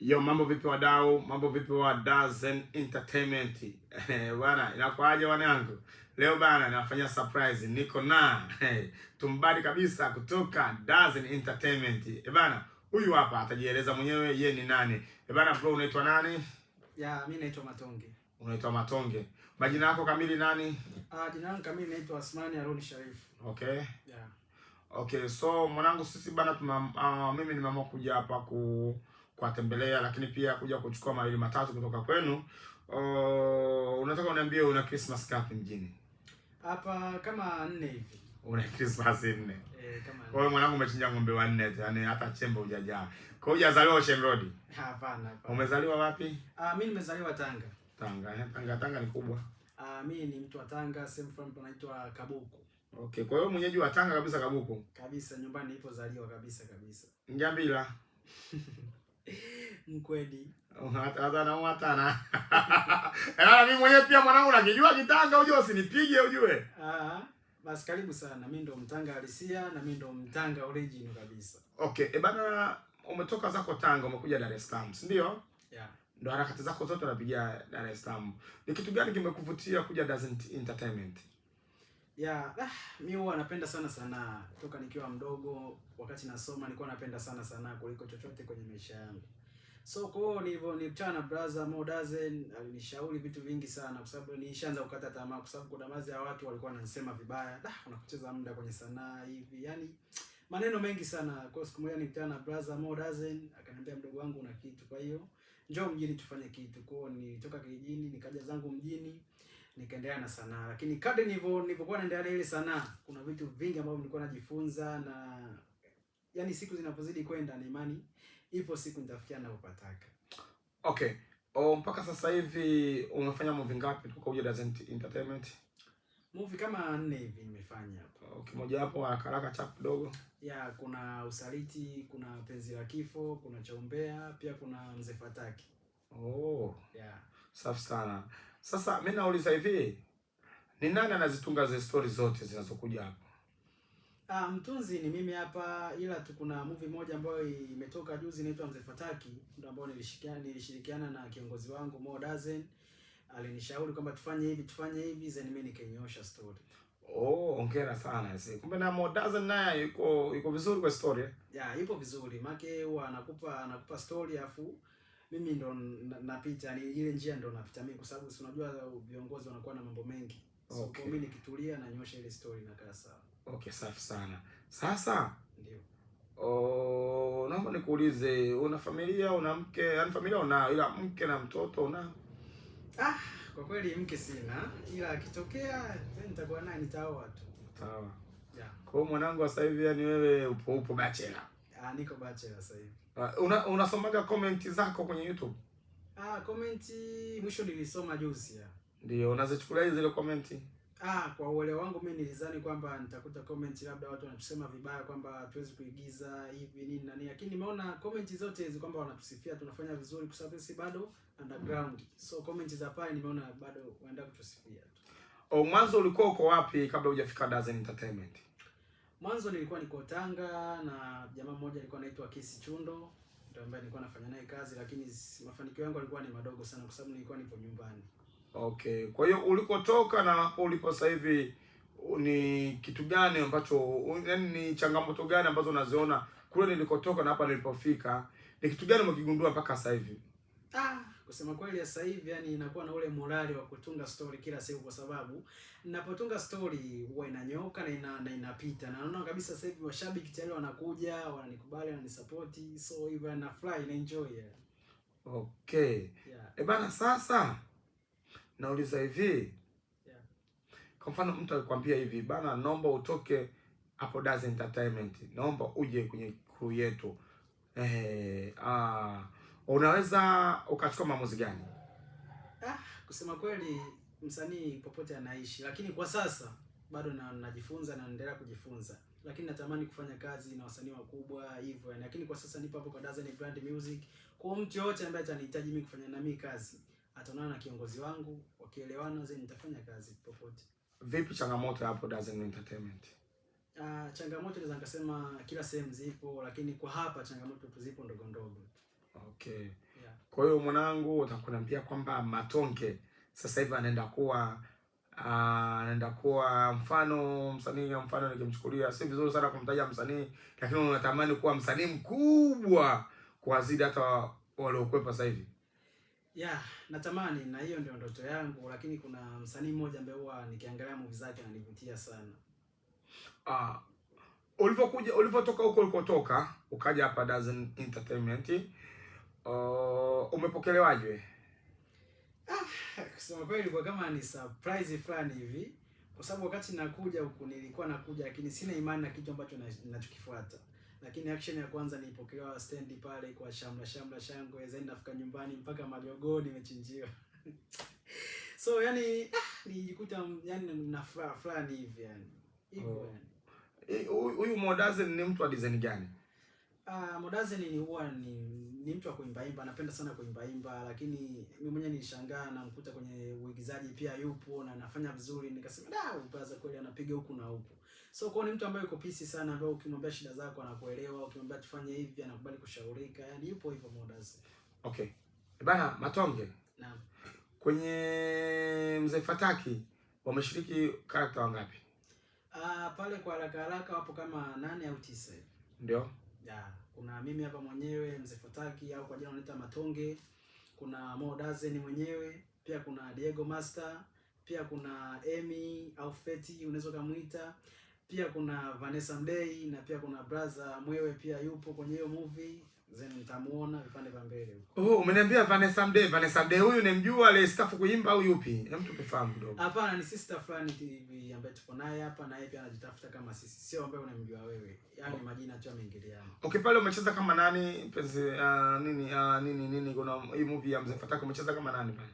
Yo, mambo vipi wadau, mambo vipi wa Dazen Entertainment eh, Bwana, inakwaje wanangu? Leo bana, nafanya surprise, niko na eh, tumbali kabisa kutoka Dazen Entertainment e eh, bana, huyu hapa atajieleza mwenyewe ye ni nani e bana. Bro, unaitwa nani? Ya, mimi naitwa Matonge. Unaitwa Matonge, majina yako kamili nani? Ah, jina langu kamili naitwa Asmani Aroni Sharif. Okay, yeah. Okay, so mwanangu, sisi bana tuma, uh, ah, mimi nimeamua kuja hapa ku kuwatembelea, lakini pia kuja kuchukua mawili matatu kutoka kwenu. Uh, unataka uniambie una Christmas ngapi mjini hapa? Kama nne hivi. Una Christmas nne? Eh, kama nne. Kwa hiyo mwanangu, umechinja ng'ombe wanne tu, yani hata chembe hujajaa. Kwa hiyo hujazaliwa Ocean Road? Hapana, hapana. Umezaliwa wapi? Ah, mimi nimezaliwa Tanga. Tanga, eh? Tanga, Tanga ni kubwa. Ah, mimi ni mtu wa Tanga, same fulani panaitwa Kabuku. Okay, kwa hiyo mwenyeji wa Tanga kabisa Kabuku. Kabisa nyumbani ipo zaliwa kabisa kabisa. Ngambila. Mkweli. Hata hata na Ela yaani mimi mwenyewe pia mwanangu nakijua Kitanga ujue usinipige ujue. Ah. Basi karibu sana. Mimi ndo Mtanga halisia na mimi ndo Mtanga original kabisa. Okay, e bana umetoka zako Tanga umekuja Dar es Salaam, si ndio? Yeah. Ndo harakati zako zote unapigia Dar es Salaam. Ni kitu gani kimekuvutia kuja Dazent Entertainment? Yeah, ah, mi huwa napenda sana sanaa toka nikiwa mdogo. Wakati nasoma nilikuwa napenda sana sanaa kuliko chochote kwenye maisha yangu, so kwa hiyo nilivyo nilikutana na brother Mo Dazen alinishauri vitu vingi sana, kwa sababu nilishaanza kukata tamaa, kwa sababu kuna baadhi ya watu walikuwa wananisema vibaya, da, ah, unapoteza muda kwenye sanaa hivi, yani maneno mengi sana. Kwa siku moja nilikutana na brother Mo Dazen akaniambia, mdogo wangu, una kitu, kwa hiyo njoo mjini tufanye kitu. Kwa hiyo nilitoka kijijini nikaja zangu mjini nikaendelea na sanaa, lakini kadri nilivyo nilivyokuwa naendelea na ile sanaa, kuna vitu vingi ambavyo nilikuwa najifunza na yani, siku zinapozidi kwenda, na imani ipo siku nitafikia napopataka. Okay. O, mpaka sasa hivi umefanya movie ngapi kutoka Uja Doesn't Entertainment? Movie kama nne hivi nimefanya Okay, moja hapo haraka chap kidogo. Yeah, kuna Usaliti, kuna Penzi la Kifo, kuna chaumbea pia kuna Mzee Fataki. Oh. Yeah. Safi sana. Sasa mimi nauliza hivi, ni nani anazitunga zile stories zote zinazokuja hapa? Ah, mtunzi ni mimi hapa, ila tu kuna movie moja ambayo imetoka juzi inaitwa Mzee Fataki, ndio ambayo nilishikiana nilishirikiana na kiongozi wangu Mo Dazen. Alinishauri kwamba tufanye hivi, tufanye hivi, then mimi nikainyosha story. Oh, hongera sana. Si kumbe na Mo Dazen naye yuko yuko vizuri kwa story. Eh? Ya, Yeah, yupo vizuri. Maana huwa anakupa anakupa story afu mimi ndo napita, ni ile njia ndo napita mimi, kwa sababu si unajua viongozi wanakuwa na mambo mengi so, okay. Mimi nikitulia na nyosha ile story na kaa sawa. Okay, safi sana. Sasa ndio oh, naomba nikuulize, una familia? Una mke? Yani familia una, ila mke na mtoto una? Ah, kwa kweli mke sina, ila akitokea nitakuwa naye, nitaoa tu. Sawa. Yeah. Kwa hiyo mwanangu, sasa hivi yani wewe upo upo bachelor? Ah, niko bachelor sasa hivi. Uh, una, unasomaga comment zako kwenye YouTube? Ah, comment mwisho nilisoma juzi. Ndio, unazichukulia zile comment? Ah, kwa uelewa wangu mimi nilizani kwamba nitakuta comment labda watu wanatusema vibaya kwamba hatuwezi kuigiza hivi nini na nini, lakini nimeona comment zote hizo kwamba wanatusifia tunafanya vizuri, kwa sababu sisi bado underground. Mm. So comment za pale nimeona bado waenda kutusifia tu. Oh, mwanzo ulikuwa uko wapi kabla hujafika Dazen Entertainment? Mwanzo nilikuwa niko Tanga na jamaa mmoja alikuwa anaitwa Kisi Chundo, ndio ambaye nilikuwa nafanya naye kazi, lakini mafanikio yangu yalikuwa ni madogo sana, kwa sababu nilikuwa nipo nyumbani. Okay, kwa hiyo ulikotoka na hapo ulipo sasa hivi ni kitu gani ambacho, yaani ni changamoto gani ambazo unaziona kule nilikotoka na hapa nilipofika, ni kitu gani umekigundua mpaka sasa hivi? Ah, Kusema kweli, sasa hivi yani inakuwa na ule morali wa kutunga story kila siku, kwa sababu ninapotunga story huwa inanyoka na, ina, na inapita na naona kabisa sasa hivi washabiki tayari wanakuja, wananikubali, wananisapoti, so hivyo fly na enjoy yeah. Okay yeah. E bana, sasa nauliza hivi yeah. Kwa mfano mtu akwambia hivi bana, naomba utoke hapo Dazen Entertainment, naomba uje kwenye crew yetu eh, ah unaweza ukachukua maamuzi gani? Ah, kusema kweli msanii popote anaishi, lakini kwa sasa bado na najifunza na naendelea kujifunza, lakini natamani kufanya kazi na wasanii wakubwa hivyo, lakini kwa sasa nipo hapo kwa Dazzle Brand Music. Kwa mtu yote ambaye atanihitaji mimi kufanya na mimi kazi, ataonana na kiongozi wangu, wakielewana zaidi nitafanya kazi popote. Vipi changamoto hapo Dazzle Entertainment? Ah, changamoto naweza nikasema kila sehemu zipo, lakini kwa hapa changamoto tu zipo ndogo ndogo. Okay. Yeah. Kwa hiyo mwanangu utakunaambia kwamba Matonge sasa hivi anaenda kuwa ah, anaenda kuwa mfano msanii mfano nikimchukulia, si vizuri sana kumtaja msanii, lakini unatamani kuwa msanii mkubwa kuwazidi hata waliokuwepo sasa hivi. Yeah, natamani na hiyo ndio ndoto yangu, lakini kuna msanii mmoja ambaye huwa nikiangalia movie zake ananivutia sana. Ah, Ulipokuja ulipotoka huko ulikotoka ukaja hapa Dazen Entertainment Uh, umepokelewaje? Ah, kusema kweli ilikuwa kama ni surprise fulani hivi, kwa sababu wakati nakuja huku nilikuwa nakuja, lakini sina imani na kitu ambacho ninachokifuata lakini action ya kwanza nilipokelewa stand pale kwa shamla shamla shangwe, zaidi nafika nyumbani mpaka magogo nimechinjiwa. So yani ah, yani na furaha fulani hivi yani hivyo. oh, yani. Huyu Modazen ni mtu wa design gani? Uh, ah, Mudazini huwa ni, ni mtu wa kuimbaimba, anapenda sana kuimbaimba, lakini mimi mwenyewe nilishangaa namkuta kwenye uigizaji pia yupo na anafanya vizuri, nikasema da, upaza kweli anapiga huku na huku. So kwa ni mtu ambaye yuko pisi sana, ambaye ukimwambia shida zako anakuelewa, ukimwambia tufanye hivi anakubali kushaurika, yani yupo hivyo Mudazini. Okay bana Matonge, naam, kwenye Mzee Fataki wameshiriki karakta wangapi? Uh, pale kwa haraka haraka wapo kama nane au tisa, ndio ya kuna mimi hapa mwenyewe mzee Fataki au kwa jina unaita Matonge, kuna Mo Dazen mwenyewe, pia kuna Diego Master, pia kuna Emi au Feti unaweza kumuita, pia kuna Vanessa Mbei na pia kuna brother Mwewe pia yupo kwenye hiyo movie. Oh, umeniambia Vanessa Mdee. Vanessa Mdee huyu nimjua staff kuimba au yupi? Hem, tukufahamu kidogo. Hapana, ni sister fulani TV ambaye tuko naye hapa na yeye pia anajitafuta kama sisi. Sio ambaye unamjua wewe. Yaani oh. majina tu yameingiliana. Okay, pale umecheza kama nani? Penzi uh, nini uh, nini nini kuna hii movie ya Mzee Fataka umecheza kama nani pale?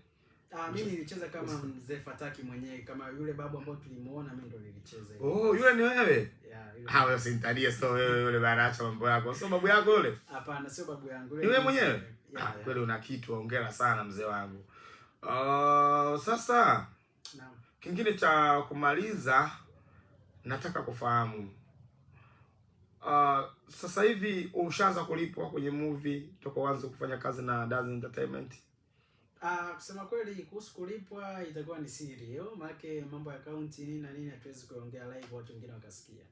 Ah, mimi nilicheza kama mzee Fataki mwenyewe kama yule babu ambaye tulimuona mimi ndo nilicheza. Oh, yule ni wewe? Yeah, yule. Ah, wewe usinitalie so wewe yule baracha mambo yako. Sio babu yako yule? Hapana, sio babu yangu. Yule mwenyewe? ah, Kweli una kitu, hongera sana mzee wangu. Ah, Uh, sasa naam. Kingine cha kumaliza nataka kufahamu. Uh, sasa hivi ushaanza kulipwa kwenye movie toka uanze kufanya kazi na Dazen Entertainment? Ah, kusema kweli kuhusu kulipwa itakuwa ni siri hiyo, maana mambo ya akaunti nini na nini hatuwezi kuongea live watu wengine wakasikia.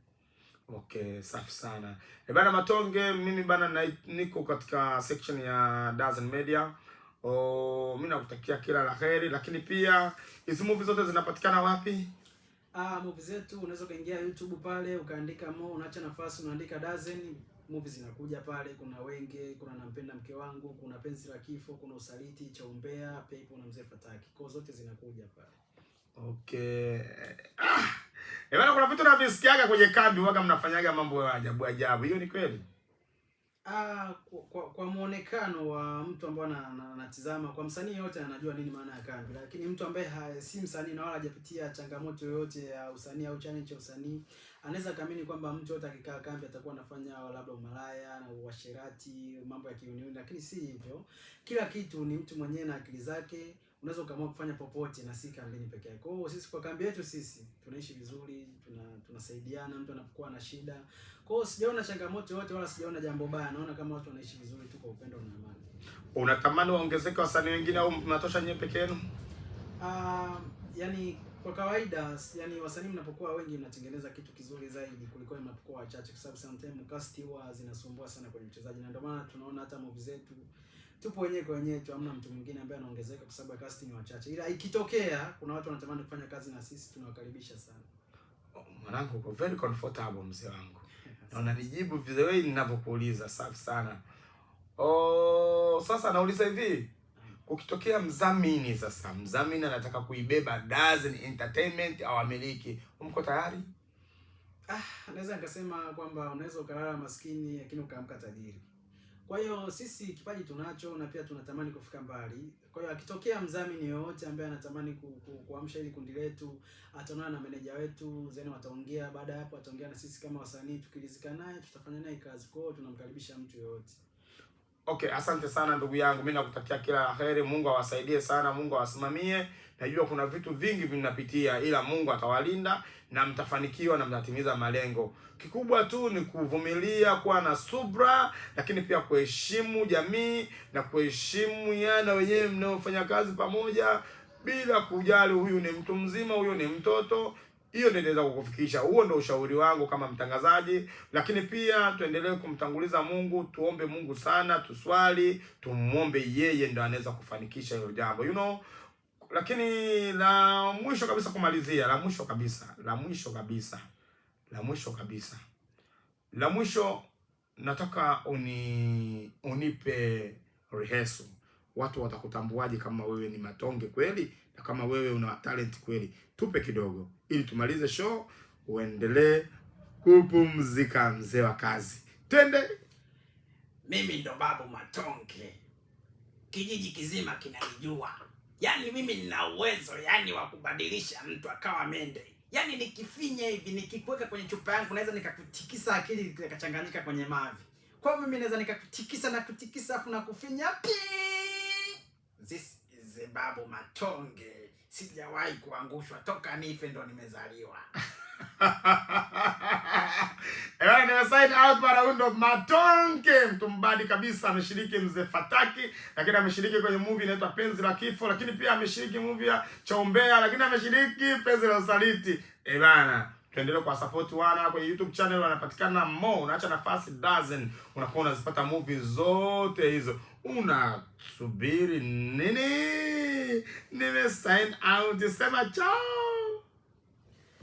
Okay, safi sana. E bana Matonge, mimi bana na, niko katika section ya Dazen Media. Oh, mimi nakutakia kila la heri, lakini pia hizo movie zote zinapatikana wapi? Ah, movie zetu unaweza ukaingia YouTube pale ukaandika mo, unaacha nafasi unaandika Dazen movie zinakuja pale, kuna Wenge, kuna Nampenda Mke Wangu, kuna Penzi la Kifo, kuna Usaliti, Cha Umbea, Pepo na Mzee Fataki. Kwa zote zinakuja pale. Okay. Ah, eh, kuna vitu navisikiaga kwenye kambi, waga mnafanyaga mambo ya ajabu ajabu. Hiyo ni kweli? Ah, kwa, kwa muonekano wa mtu ambaye anatizama kwa msanii yote anajua nini maana ya kambi, lakini mtu ambaye si msanii na wala hajapitia changamoto yoyote ya usanii au challenge ya usanii anaweza kaamini kwamba mtu yote akikaa kambi atakuwa anafanya labda umalaya na uasherati, mambo ya kiuniuni, lakini si hivyo. Kila kitu ni mtu mwenyewe na akili zake unaweza ukaamua kufanya popote na si kambini peke yake. Kwa hiyo sisi kwa kambi yetu sisi tunaishi vizuri, tuna tunasaidiana mtu anapokuwa na shida. Kwa hiyo sijaona changamoto yote wala sijaona jambo baya. Naona kama watu wanaishi vizuri tu kwa upendo na amani. Unatamani waongezeke wasanii wengine au mnatosha nyewe peke yenu? Uh, yani kwa kawaida yani, wasanii mnapokuwa wengi mnatengeneza kitu kizuri zaidi kuliko mnapokuwa wachache, kwa sababu sometimes cast huwa zinasumbua sana kwenye mchezaji, na ndio maana tunaona hata movie zetu tupo wenyewe kwa wenyewe tu, hamna mtu mwingine ambaye anaongezeka kwa sababu cast ni wachache, ila ikitokea kuna watu wanatamani kufanya kazi na sisi tunawakaribisha sana. Oh, mwanangu uko very comfortable mzee wangu na unanijibu vizuri ninavyokuuliza, safi sana. Oh, sasa nauliza hivi Ukitokea mdhamini sasa, mdhamini anataka kuibeba Dazen Entertainment au amiliki, umko tayari? Ah, naweza nikasema kwamba unaweza ukalala maskini lakini ukaamka tajiri. Kwa hiyo sisi kipaji tunacho na pia tunatamani kufika mbali. Kwa hiyo akitokea mdhamini yoyote ambaye anatamani ku, ku, kuamsha hili kundi letu, ataonana na meneja wetu, zeni wataongea. Baada ya hapo, ataongea na sisi kama wasanii, tukilizika naye tutafanya naye kazi. Kwa hiyo tunamkaribisha mtu yoyote. Okay, asante sana ndugu yangu, mi nakutakia kila la heri. Mungu awasaidie sana, Mungu awasimamie. Najua kuna vitu vingi vinapitia, ila Mungu atawalinda na mtafanikiwa na mtatimiza malengo. Kikubwa tu ni kuvumilia, kuwa na subra, lakini pia kuheshimu jamii na kuheshimu yana wenyewe mnaofanya kazi pamoja, bila kujali huyu ni mtu mzima, huyu ni mtoto. Hiyo ndio inaweza kukufikisha. Huo ndio ushauri wangu kama mtangazaji, lakini pia tuendelee kumtanguliza Mungu, tuombe Mungu sana, tuswali, tumwombe yeye, ndio anaweza kufanikisha hilo jambo you know. Lakini la mwisho kabisa kumalizia, la mwisho kabisa, la mwisho kabisa, la mwisho kabisa, la mwisho nataka uni- unipe rehesu watu watakutambuaje kama wewe ni matonge kweli na kama wewe una talent kweli? Tupe kidogo ili tumalize show, uendelee kupumzika, mzee wa kazi. Twende. Mimi ndo babu matonge, kijiji kizima kinanijua. Yaani mimi nina uwezo yani wa kubadilisha mtu akawa mende. Yaani nikifinya hivi nikikuweka kwenye chupa yangu naweza nikakutikisa akili ikachanganyika kwenye mavi. Kwa hiyo mimi naweza nikakutikisa na kutikisa afu na kufinya pii. This is Babu Matonge, sijawahi kuangushwa toka nife ndo nimezaliwa. Ndo Matonge, mtu mbadi kabisa. Ameshiriki mzee Fataki, lakini ameshiriki kwenye movie inaitwa Penzi la Kifo, lakini pia ameshiriki movie ya Chombea, lakini ameshiriki Penzi la Usaliti. Eh bana tuendelee kuwasapoti wana kwenye YouTube channel, wanapatikana Mo. Unaacha nafasi dozen, unakuwa unazipata movie zote hizo. Unasubiri nini? Nime sign out, sema chao.